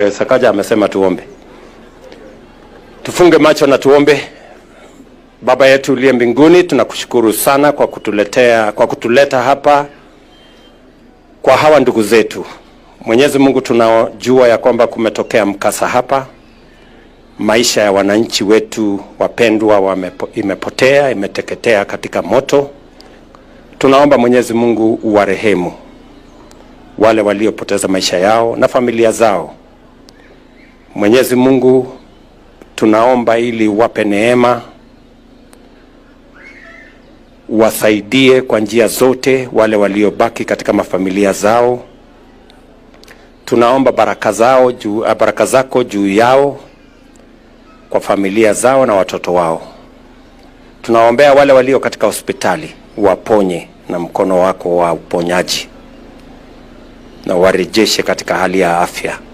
Eh, Sakaja amesema tuombe, tufunge macho na tuombe. Baba yetu uliye mbinguni, tunakushukuru sana kwa kutuletea, kwa kutuleta hapa kwa hawa ndugu zetu. Mwenyezi Mungu, tunajua ya kwamba kumetokea mkasa hapa, maisha ya wananchi wetu wapendwa wamepo, imepotea imeteketea katika moto. Tunaomba Mwenyezi Mungu uwarehemu wale waliopoteza maisha yao na familia zao Mwenyezi Mungu tunaomba ili wape neema, wasaidie kwa njia zote wale waliobaki katika mafamilia zao. Tunaomba baraka zao juu, eh, baraka zako juu yao kwa familia zao na watoto wao. Tunaombea wale walio katika hospitali, waponye na mkono wako wa uponyaji na warejeshe katika hali ya afya.